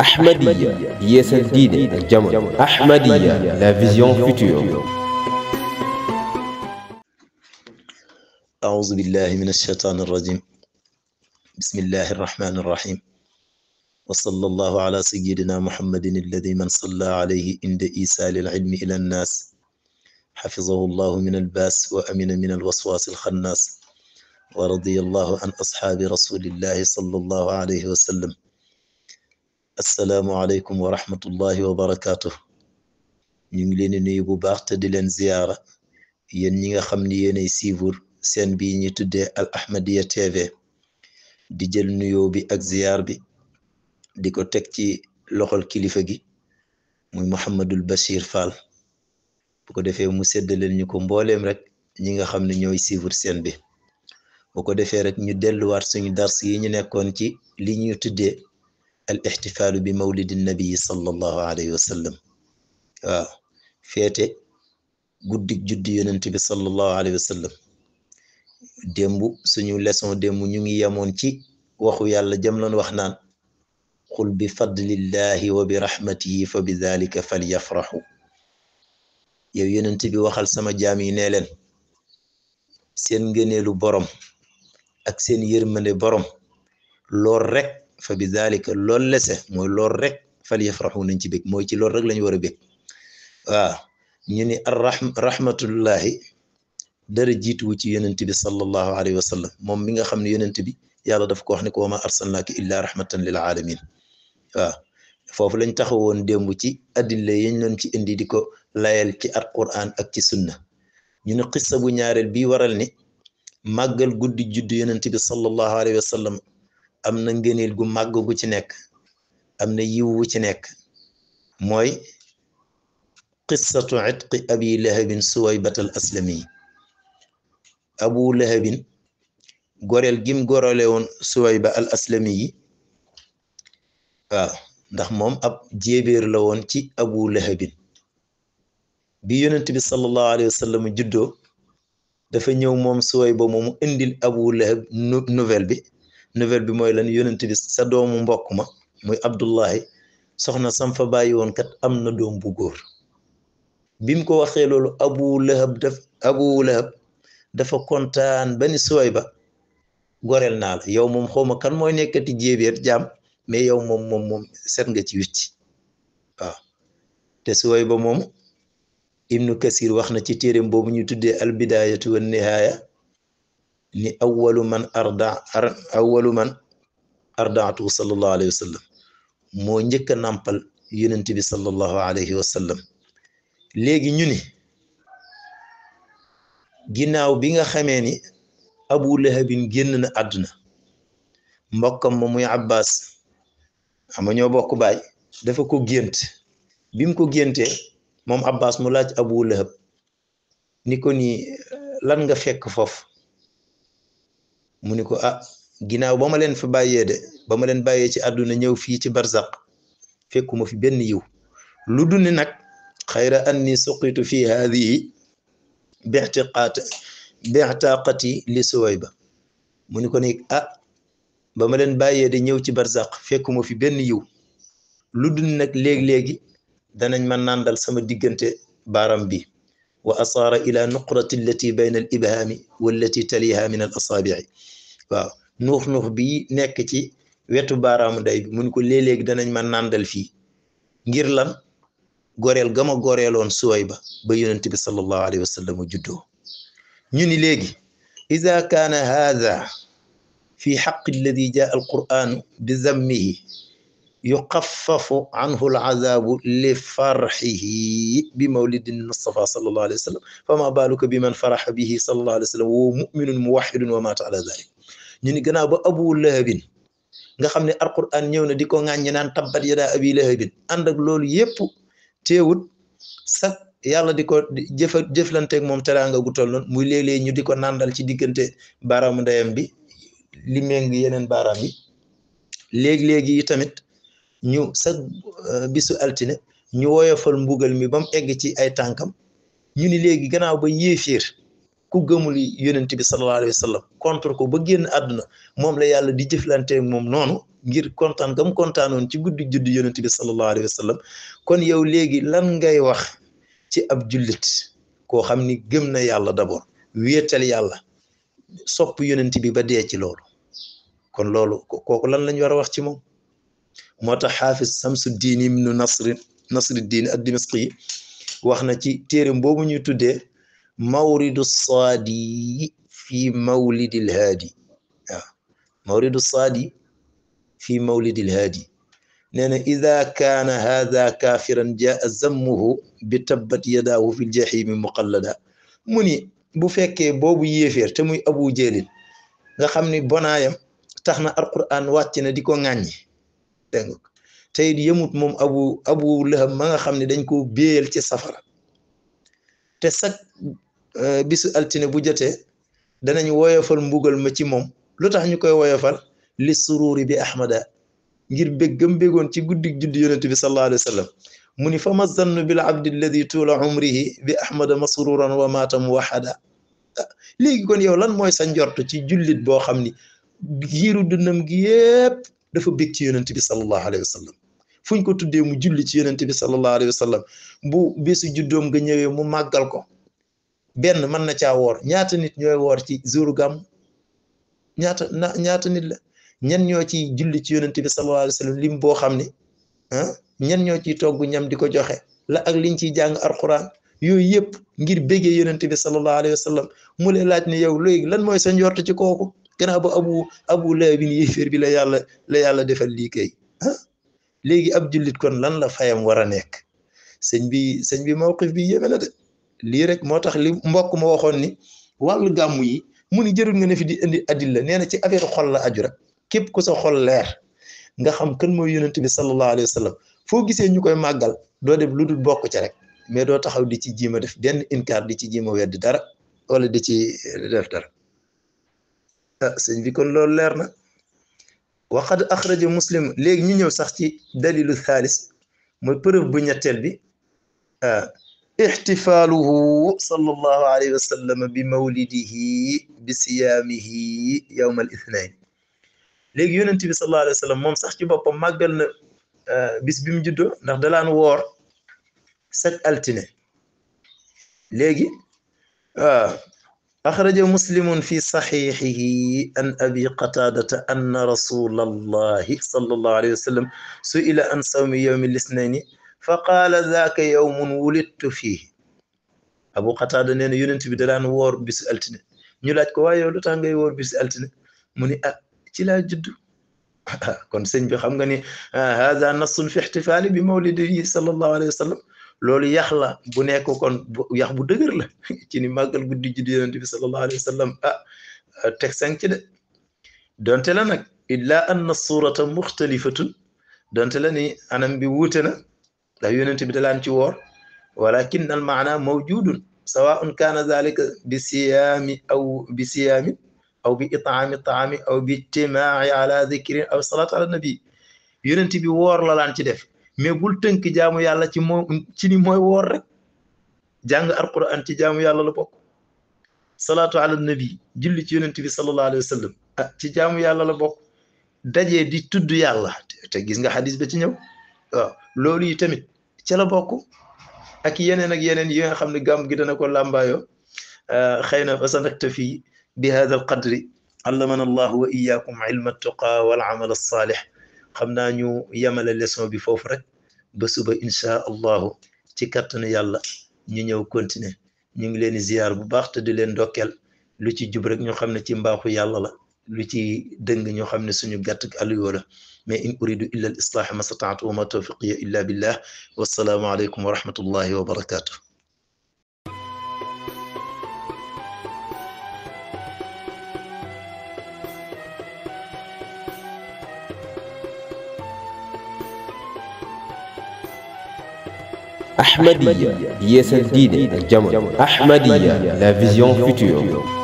أحمدية Yesendine et الجمل أحمدية لا vision future. أعوذ بالله من الشيطان الرجيم بسم الله الرحمن الرحيم وصلى الله على سيدنا محمد الذي من صلى عليه عند إيسال العلم إلى الناس حفظه الله من الباس وأمن من الوسواس الخناس ورضي الله عن أصحاب رسول الله صلى الله عليه وسلم asalaamualeykum wa rahmatullahi wa barakaatu ñu ngi leen di nuyu bu baax te di leen ziyaara yéen ñi nga xam ni yéenay suivre seen bii ñu tuddee Al Ahmadiyyah TV di jël nuyoo bi ak ziyaar bi di ko teg ci loxol kilifa gi muy Mouhamadul Bachir Fall bu ko defee mu séddaleen ñu ko mbooleem rek ñi nga xam ne ñooy suivre seen bi bu ko defee rek ñu delluwaat suñu dars yi ñu nekkoon ci li ñuy tuddee الاحتفال بمولد النبي sallallahu alayhi wa sallam waaw feete guddik juddi yonent bi sallallahu alayhi wa sallam démb suñu leçon démb ñu ngi yemoon ci waxu yàlla jëm loon wax naan qul bi fadlillahi wa bi rahmatihi fa bi dalika falyafraxu yow yonent bi waxal sama jaam yi nee leen seen ngëneelu borom ak seen yërmande borom lool rek فبذلك لول لسه مو لول رك فليفرحون انت بك موي تي لول رك لا نيوري بك وا آه، ني الرحم رحمه الله دار جيتو تي يونت بي صلى الله عليه وسلم موم ميغا خامني يونت بي يالا داف كو وخني كو ما ارسلناك الا رحمه للعالمين وا آه، فوفو لا نتاخوون ديمو تي ادله يي نون اندي ديكو لايل تي القران اك سنه ني قصه بو نيارل بي ورال ني magal جد judd yonent bi sallallahu alayhi wa am na ngëneel gu màgg gu ci nekk am na yiw wu ci nekk mooy qissatu itqi abi lahabin suwaybatal aslami abu lahabin goreel gim gorole woon suwayba al aslami yi waaw ndax moom ab jéebéer la woon ci abu lahabin bi yonent bi sallallahu alayhi wa sallam dafa ñëw moom suwayba moomu indil abu lahab nouvelle bi nouvelle bi mooy lan yonent bi sa doomu mbokk ma muy Abdullahi soxna sam fa bàyyi woon kat am na doom bu góor bi mu ko waxee loolu Abu Lahab daf dafa kontaan ba ni suway ba goreel na la yow moom xawma kan mooy nekkati jéebéer jaam mais yow moom moom set nga ci witti waaw te suway ba moom Ibnu Kasir wax na ci téeréem boobu ñu tuddee al bidaayatu wan nihaaya ni awwalu man arda awwalu man ardaatu sallallahu alayhi wa sallam moo njëkk a nàmpal yonent bi sallallahu alayhi wa sallam léegi ñu ni ginnaaw bi nga xamee ni abu lahabin génn na àdduna mbokkam ma muy abbas ama ñoo bokk baay dafa ko gént bim ko géntee moom abbas mu laaj abu lahab ni ko ni lan nga fekk foofu mu ni ko ah ginaaw ba ma leen fa bàyyee de ba ma leen bàyyee ci àdduna ñëw fii ci barzaq fekkuma fi benn yiw lu ni nag xayra ni suqitu fi haadihi bixtiqaat bixtaaqati li suway ba mu ni ko ni ah ba ma leen bàyyee de ñëw ci barzaq fekkuma fi benn yiw lu duni nag léegi-léegi danañ ma nàndal sama diggante baaram bi wa asaara ila nuqrati allati bayna al ibhaami wallati min al nuux nuux bii nekk ci wetu baaraamu day mun ko léeg-léegi danañ man nandal fii ngir lan goreel gama goreeloon suway ba ba yonent bi sallallahu alayhi wa sallam juddoo ñu ni léegi ida kaana haada fi xaqi alladi jaa bi zammihi يقفف عنه العذاب لفرحه بمولد المصطفى صلى الله عليه وسلم فما بالك بمن فرح به صلى الله عليه وسلم وهو مؤمن موحد ومات على ذلك ني غنا ابو لهب nga xam alquran ñëw na di ko naan tabbat yada abi lahab ànd ak loolu yépp teewut sa yàlla diko jëf jëflanté ak mom teranga gu toll non muy lélé ñu diko nàndal ci digënté baram ndayam bi li méng yenen baram bi lég leegi tamit ñu sa euh, bisu altine ñu woyofal mbugal mi ba mu egg ci ay tànkam ñu ni léegi ganaaw ba yéefiir ku gëmul yonent bi sallallahu alayhi wa sallam contre ko ba génn àdduna moom la yàlla di jëflante moom noonu ngir kontaan gam kontaanoon ci guddi judd yonent bi sallallahu alayhi wa sallam kon yow léegi lan ngay wax ci ab jullit koo xam ni gëm na yàlla d'abord wéetal yàlla sopp yonent bi ba dee ci loolu kon loolu kooku lan lañ war wax ci moom moo tax xaafis samsuddin ibnu nasri nasruddin ad-dimashqi wax na ci téere boobu ñuy tuddee mawridu saadi fi mawlidil haadi waaw mawridu saadi fi mawlidil haadi nee na ida kaana haada kaafiran jaa zammuhu bi tabbat yadaahu fi ljahimi muqallada mu ni bu fekkee boobu yéeféer te muy abu jëlin nga xam ni bonaayam tax na alquran wàcc na di ko ŋàññi dégg nga yëmut moom abu abu lahab ma nga xam ne dañ ko béyal ci safara te sag bisu altine bu jotee danañ woyofal mbugal ma ci moom lu tax woyofal li suruuri bi ahmada ngir béggam béggoon ci guddig judd yonent bi sallallahu alayhi wa sallam mu zannu bil abdi alladi tuula umrihi bi ahmada masruran wa maata muwahada léegi kon yow lan mooy sa njort ci jullit boo xam ni giiru gi yépp dafa bég ci yonent bi sallallahu alayhi wa sallam fu ñu ko tuddee mu julli ci yonent bi sallallahu alayhi wa sallam bu bésu juddoom nga ñëwee mu màggal ko benn man na caa woor ñaata nit ñooy woor ci zuru gam ñaata na nit la ñen ñoo ci julli ci yonent bi sallallahu alayhi wa sallam lim boo xam ni ah ñen ñoo ciy togg ñam di ko joxe la ak liñ ciy jàng alquran yooyu yëpp ngir béggee yonent bi sallallahu alayhi wa sallam mu lay laaj ni yow léegi lan mooy sa njort ci kooku كان ابو ابو ابو لابن يفر بلا يالا لا يالا ديفال لي كاي ها لي اب جوليت كون لان لا فايام ورا نيك بي سيغ بي موقف بي يمنا دي لي ريك موتاخ لي ما واخون ني والو موني جيرول غا نفي دي اندي ادل نينا سي افير خول لا اجو رك كيب كو سا خول لير غا خام كان مو يونتبي صلى الله عليه وسلم فو غيسه نيوكاي ماغال دو ديف لودو بوكو سي رك مي دو تاخاو دي سي جيما ديف بن انكار دي سي جيما ويد دار ولا دي سي دار سيدي بيكون لول ليرنا وقد اخرج مسلم ليك ني نيو ساختي دليل الثالث موي بروف بو نياتل بي آه، احتفاله صلى الله عليه وسلم بمولده بصيامه يوم الاثنين ليك يونتي بي صلى الله عليه وسلم موم ساختي بوبا ماغال نا آه، بيم جودو ناخ دالان وور سات التينه اه أخرج مسلم في صحيحه أن أبي قتادة أن رسول الله صلى الله عليه وسلم سئل عن صوم يوم الاثنين فقال ذاك يوم ولدت فيه أبو قتادة نين يونت بدلان وور بسألتنا ألتني نيلاج كوا يولو تانغي وور بس ألتني مني أ تلا جد كون سنجي خمغني آه، هذا نص في احتفالي بمولده صلى الله عليه وسلم loolu yax la bu nekk kon yax bu dëgër la ci ni màggal guddi juddu yonent bi sallallahu alayhi wa sallam ah teg sang ci de donte la nag illa anna surata muxtalifatun donte la ni anam bi wuute na ndax yonent bi dalaan ci woor walakin al maana mawjudun sawaun kana zalika bi siyami aw bi siyami aw bi itaami taami aw bi ijtimaai ala dikrin aw salaat ala nabi yonent bi woor la laan ci def mais bul tënk jaamu yàlla ci mo ci ni moy wor rek jàng alquran ci jaamu yàlla la bok salatu ala nabi julli ci yonent bi sallallahu alayhi wasallam ci jaamu yàlla la bok dajee di tuddu yàlla te gis nga hadith ba ci ñëw waaw loolu yi tamit ci la bok ak yenen ak yenen yi nga xamni gam gi dana ko lambayo xëy fa sanakta fi bi hada alqadri علمنا الله واياكم علم التقى والعمل الصالح خمنا نيو يمل xam naa ñu yemale ba suba incha allahu ci kattanu yàlla ñu ñëw continuer ñu ngi leen ziar bu baax te di leen dokkel lu ci jub rek ñu xamne ci mbaxu yàlla la lu ci dëng ñu xamne suñu gàtt ak aluyoo la mais in uridu illa al islah ma sata'tu wa ma tawfiqiya illa billah wa assalamu alaykum wa rahmatullahi wa barakatuh أحمدية هي سنديد الجمل أحمدية لا فيزيون فيتور